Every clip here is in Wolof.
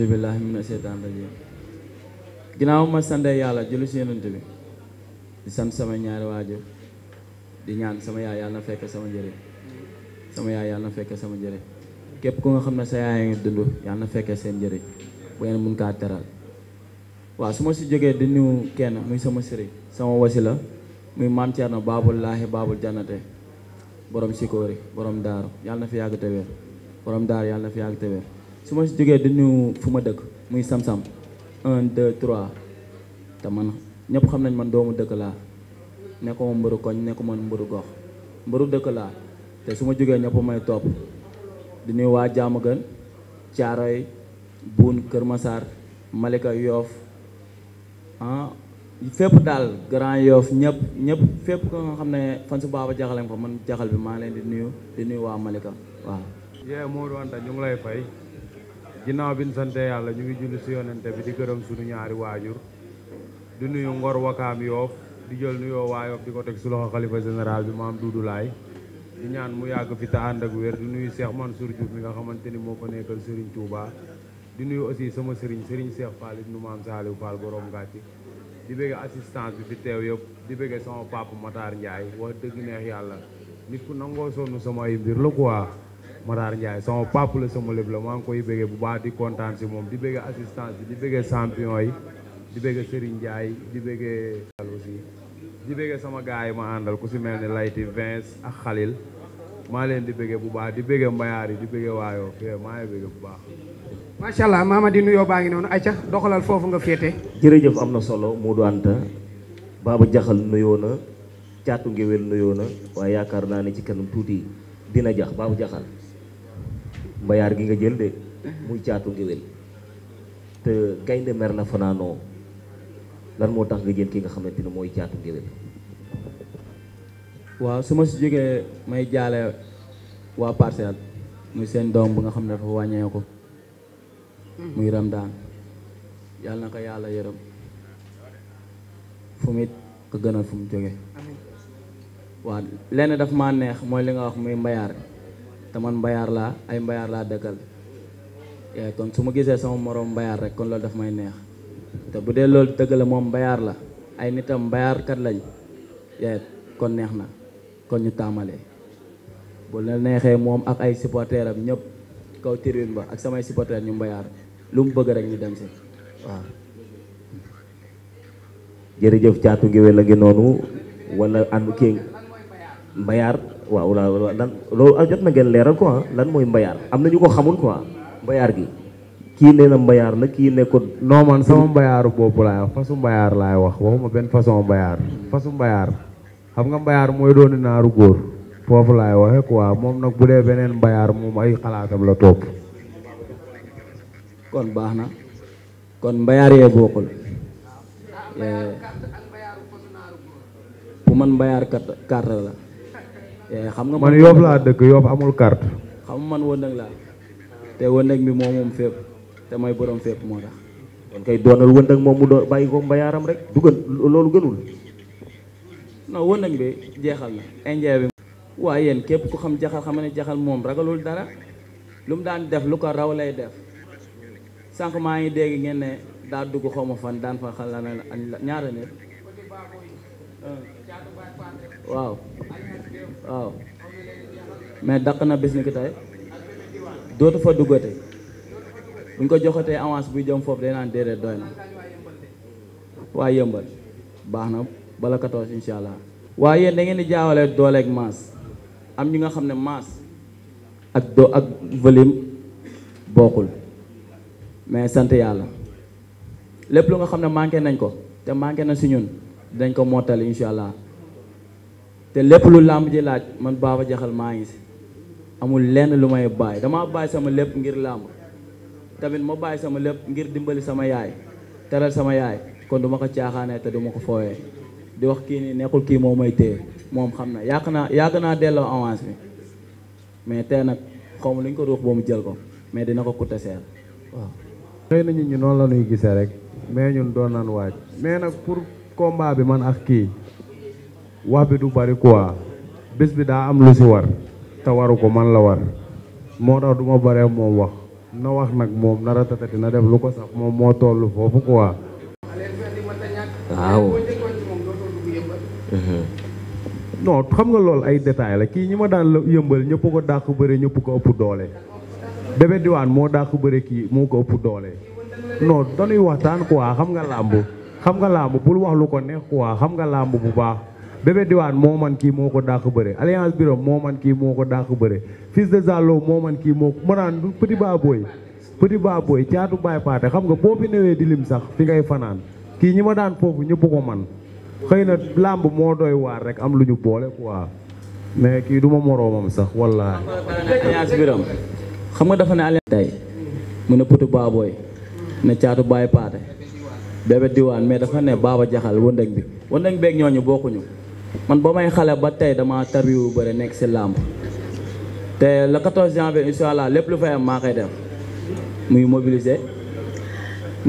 auzu billahi mina seytaan rajim ginnaaw ma sante yàlla julli si yonent bi di sant sama ñaari waajur di ñaan sama yaay yàlla na fekk sama njëriñ sama yaay yàlla na fekk sama njëriñ képp ku nga xam ne sa yaay nga dund yàlla na fekkee seen njëriñ bu ngeen mun kaa teral waaw su ma si jógee di nuyu kenn muy sama sëriñ sama wasila muy maam Thierno baabul laahi baabul jannate borom sikóori borom daaru yàlla na fi yàgg te wér daaru yàlla na fi yàgg te su ma jógee di nuyu fu ma dëkk muy sam-sam un deux trois te man ñëpp xam nañ man doomu dëkk laa nekkuma mburu koñ nekkuma mburu gox mburu dëkk laa te su ma jógee ñëpp may topp di nuyu waa Diamaguène Thiaroye Boune Kër Massar Malika yoof ah fépp daal Grand yoof ñëpp ñëpp fépp ko nga xam ne fan su baaba jaxaleem ko man jaxal bi maa leen di nuyu di nuyu waa Malika waaw yee moo doon ñu ngi lay fay ginnaaw bi ñu sante yàlla ñu ngi julli si yonente bi di gërëm suñu ñaari waajur di nuyu ngor wakaam yoof di jël nuyoo waa di ko teg su loxo xalifa général bi maam Doudou Laye di ñaan mu yàgg fi te ak wér di nuyu Cheikh Mansour Diouf mi nga xamante ni moo fa nekkal Serigne Touba di nuyu aussi sama Serigne Serigne Cheikh Fall ibnu maam Saliou Fall borom gàcci di bëgg assistance bi fi teew yëpp di bëgg sama papa Matar Ndiaye wax dëgg neex yàlla nit ku nangoo Matar Ndiaye sama papa la sama lépp la maa ngi koy bëggee bu baax di kontaan si moom di bëggee assistance bi di bëggee champion yi di bëggee Serigne Ndiaye di bëggee aussi di bëggee sama gars yi ma àndal ku si mel ni Layti Vince ak Khalil maa leen di bëggee bu baax di bëggee Mbayaar yi di bëggee waayoo eh, maa ngi bëggee bu baax macha allah maama di nuyoo baa ngi noonu ayca doxalal foofu nga féete jërëjëf am na solo Modou Anta Baba Jaxal nuyoo na caatu ngéwél nuyoo na waaye yaakaar naa ne ci kanam tuuti dina jax Baba Jaxal mbayaar gi nga jël de mhm. muy caatu géwél te gaynde mer la fanaanoo lan moo tax nga jël ki nga xamante ne mooy caatu géwél waaw su ma si jógee may jaale waa parcelle muy seen doom bu nga xam ne dafa wàññeeku mhm. muy muy daan yàlla na ko yàlla yërëm fu mu it ko gënal fu mu jóge waaw lenn daf ma neex mooy li nga wax muy mbayaar te man mbayaar laa ay mbayaar laa dëkkal eh, kon su ma gisee sama moroom mbayaar rek kon loolu dafa may neex te bu dee loolu dëgg moom mbayaar la ay nitam mbayaarkat lañ eh, kon neex na kon ñu taamalee bu la neexee moom ak ay supporters am ñëpp kaw tribune ba ak samay supporters ñu mbayaar lu mu bëgg rek ñu dem si waaw. jërëjëf caatu ngéwél la ngi noonu wala ànd king mbayaar waaw waaw lan loolu ah na ngeen leeral quoi lan mooy mbayaar am na ñu ko xamul quoi mbayaar gi kii nee na mbayaar la kii ne ko. non sama mbayaaru boobu laay wax fasu mbayaar laay wax waxuma benn façon mbayaar fasu mbayaar xam nga mbayaar mooy dooni naaru góor foofu laay waxe moom nag bu dee beneen mbayaar moom ay xalaatam la topp. kon baax na kon mbayaar yee bokkul. Eh, bu man mbayaar carte la. Eh, xam nga man Yoff laa dëkk Yoff amul carte. xam man wëndëng laa te wëndëng bi moo moom fépp te mooy boroom fépp moo tax. kon kay doonal wëndëng moom mu doon bàyyi ko mbayaaram rek du gën loolu gënul. non wëndëng bi jeexal na indien bi. waaye yéen képp ku xam jaxal xam ne jaxal moom ragalul dara lu mu daan def lu ko raw lay def sànq maa ngi dégg ngeen ne daa dugg xaw ma fan daan fa xal la ñaara nit waaw. waaw mais dàq na bis ni ki tey dootu fa duggate buñ ko joxatee avance buy jëm foofu day naan déedéet dooy na waaye yëmbal baax na bala 14 incha allah waaye dangeen di jaawale dooleeg maas am ñi nga xam ne maas ak do ak volume bokkul mais sant yàlla lépp lu nga xam ne manqué nañ ko te manqué na si ñun dañ ko mottali incha allah te lépp lu làmb ji laaj man Baba jaxal maa ngi si amul lenn lu may bàyyi damaa bàyyi sama lépp ngir làmb tamit ma bàyyi sama lépp ngir dimbali sama yaay teral sama yaay kon du ma ko caaxaanee te du ma ko fooyee di wax kii nii nekkul kii moo may téye moom xam na yàq naa yàgg naa delloo avance bi mais tey nag xaw ma ko ruux ba mu jël ko mais dina ko coûter cher waaw. xëy na ñu noonu la ñuy gisee rek mais ñun doon naan waaj mais nag pour combat bi man kii. wax bi du bari quoi bés bi daa am lu si war te waru ko man la war moo tax du ma baree moom wax na wax nag moom nar a tatati na def lu ko sax moom moo tollu foofu quoi. waaw. non xam nga loolu ay détails la kii ñi ma daan yëmbal ñëpp ko dàq bëre ñëpp ko ëpp doole. Bébé Diwane moo dàq bëre kii moo ko ëpp doole. non dañuy waxtaan quoi xam nga làmb xam nga làmb bul wax lu ko neex quoi xam nga làmb bu baax. Bébé Diwane moo man kii moo ko dàq bëre Alliance Birame moo man kii moo ko dàq bëre Fils de Zalo moo man kii moo ko mënaan petit baabooy petit baabooy caatu baay paate nga boo fi newee di lim sax fi ngay fanaan kii ñi ma daan foofu ñëpp ko man xëy na làmb moo doy waar rek am lu ñu boole quoi mais kii du ma moroomam sax wallaahi. Alliance Birame nga dafa ne Alliance tey mu ne petit baabooy ne caatu baay paate Bébé Diwane mais dafa ne Baba Jaxal wëndëng bi wëndëng beeg ñooñu bokkuñu. man ba may xale ba tey dama tarbiwu bëri nekk si làmb te le 14 janvier incha allah lépp lu fay am maa koy def muy mobiliser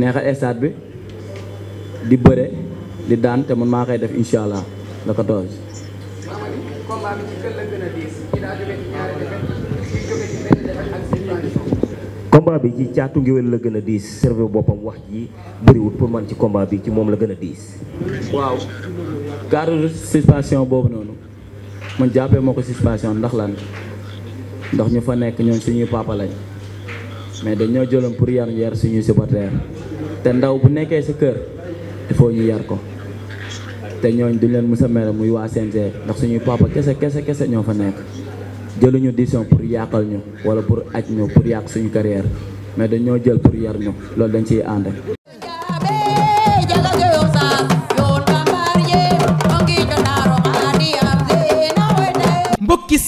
neexal stade bi di bëre di daan te man maa koy def incha allah le 14. combat bi ci caatu ngéwél la gën a diis serve boppam wax ji bëriwul pour man ci combat bi ci moom la gën a diis. waaw garde suspension boobu noonu man jàppee moo ko suspension ndax lan ndox ñu fa nekk ñoom suñuy papa lañ mais dañ ñoo jëloon pour yar yar suñuy supporters te ndaw bu nekkee si kër il faut ñu yar ko te ñooñ duñ leen mës a mere muy waa CNG ndax suñuy papa kese kese kese ñoo fa nekk. jëluñu décision pour yàqal ñu wala pour aj ñu pour yàq suñu carrière mais dañoo jël pour yar ñu loolu dañ ciy ànd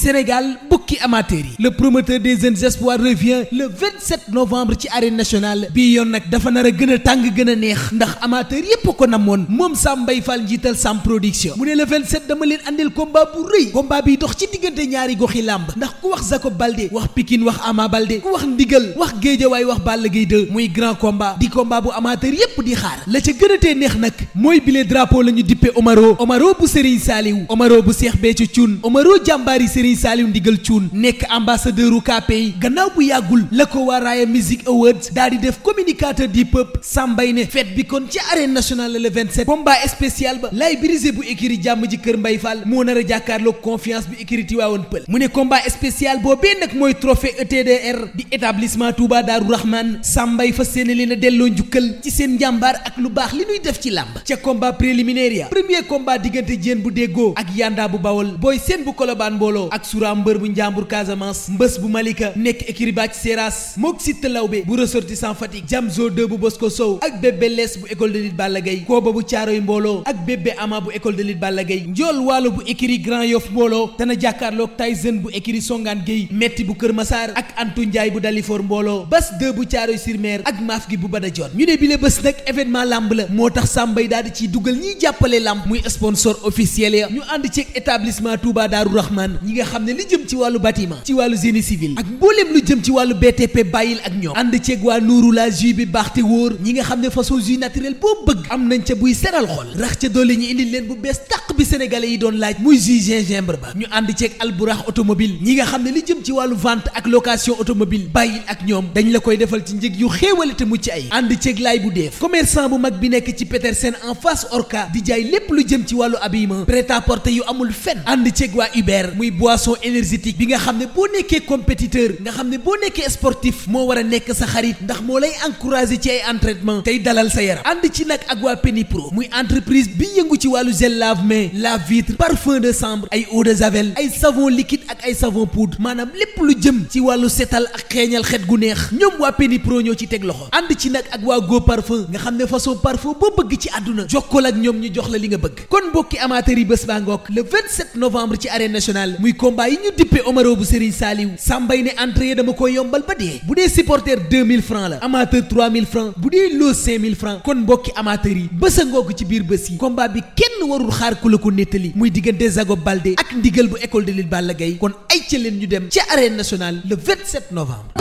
Sénégal bukki amateur yi le promoteur des jeunes espoirs revient le 27 novembre ci arène nationale bii yoon nag dafa nar a gën a tàng gën a neex ndax amateur yépp ko namoon moom Sam Mbaye Fall njiital Sam Production mu ne le 27 dama leen andil combat bu rëy combat bi dox ci diggante ñaari goxi làmb ndax ku wax Jacob Baldé wax Pikine wax Ama Baldé ku wax Ndigal wax Géejawaay wax Balla Gaye 2 muy grand combat di combat bu amateur yépp di xaar la ca gën a neex nag mooy bile drapeau la ñu dippe Omaro Omaro bu Serigne Saliou Omaro bu Cheikh Béthio Thioune Omaro jàmbaari Serigne Serigne Saliou Ndigal Thioune nekk ambassadeur u KPI gannaaw bu yàggul la ko waa Raaya Music Awards daal di def communicateur du peuple sàmbay ne fête bi kon ci arène nationale le 27 combat spécial ba lay brisé bu écurie jàmm ji kër Mbay Fall moo nar a jàkkaarloog confiance bi écurie Tivaouane mu ne combat spécial boobee nag mooy trophée ETDR di établissement Touba Darou Rahman sàmbay fa séene leen a delloo njukkal ci seen njàmbaar ak lu baax li nuy def ci làmb ca combat préliminaire ak sura mbër bu njàmbur Casamance mbës bu Malika nekk écurie Bathie mook Siteu Lawbe bu ressortissant Fatick jam zo 2 bu Bosco Sow ak bébé les bu école de lutte Balla Gaye kooba bu caaroy mbooloo ak bébé ama bu école de lutte Balla Gaye njool waalo bu écurie Grand Yoff mbooloo dana jàkkaarloog Tyson bu écurie Songane Gueye metti bu Kër Massar ak Antou Ndiaye bu Dalifor mbooloo bas 2 bu caaroy sur mer ak maaf gi bu Badajon ñu ne bile bés nag événement lamb moo tax sàmbay daal di dugal ñiy jàppale lamb muy sponsor officiel ya ñu ànd ceeg xam ne li jëm ci wàllu bâtiment ci wàllu génie civil ak mbooleem lu jëm ci wàllu BTP bàyyil ak ñoom ànd ceeg waa nuuru la jus bi baax te wóor ñi nga xam ne façon jus naturel boo bëgg am nañ ca buy seral xol rax ca doole ñu indi leen bu bees tàq bi sénégale yi doon laaj muy jus gingembre ba ñu ànd ceeg alburax automobile ñi nga xam ne li jëm ci wàllu vente ak location automobile bàyyil ak ñoom dañu la koy defal ci njëg yu xéewale te mucc ay ànd ceeg laay bu deef commerçant bu mag bi nekk ci Petersen en face Orca di jaay lépp lu jëm ci wàllu habillement prêt à yu amul fenn ànd ceeg waa muy bois boisson énergétique bi nga xam ne boo nekkee compétiteur nga xam ne boo nekkee sportif moo war a nekk sa xarit ndax moo lay encouragé ci ay entraînement tey dalal sa yaram ànd ci nag ak waa Penipro muy entreprise bi yëngu ci wàllu gel lave-mains lave-vitre parfum de chambre ay eau de javel ay savon liquide ak ay savon poudre maanaam lépp lu jëm ci wàllu setal ak xeeñal xet gu neex ñoom waa Penipro ñoo ci teg loxo ànd ci nag ak waa Go Parfum nga xam ne façon parfum boo bëgg ci àdduna jokkoo ak ñu jox la li nga bëgg kon mbokki amateur yi bés baa ngoog le 27 novembre ci arène combat yi ñu dippe Omaro bu Serigne Saliou sàmbay ne entrée dama ko yombal ba dee bu dee supporter 2000 francs la amateur 3000 francs bu dee loo 5000 francs kon mbokki amateur yi bés a ngoog ci biir bés yi combat bi kenn warul xaar ku la ko nettali muy diggante Zago Baldé ak ndigal bu école de lutte Balla kon ay ca leen ñu dem ci arène nationale le 27 novembre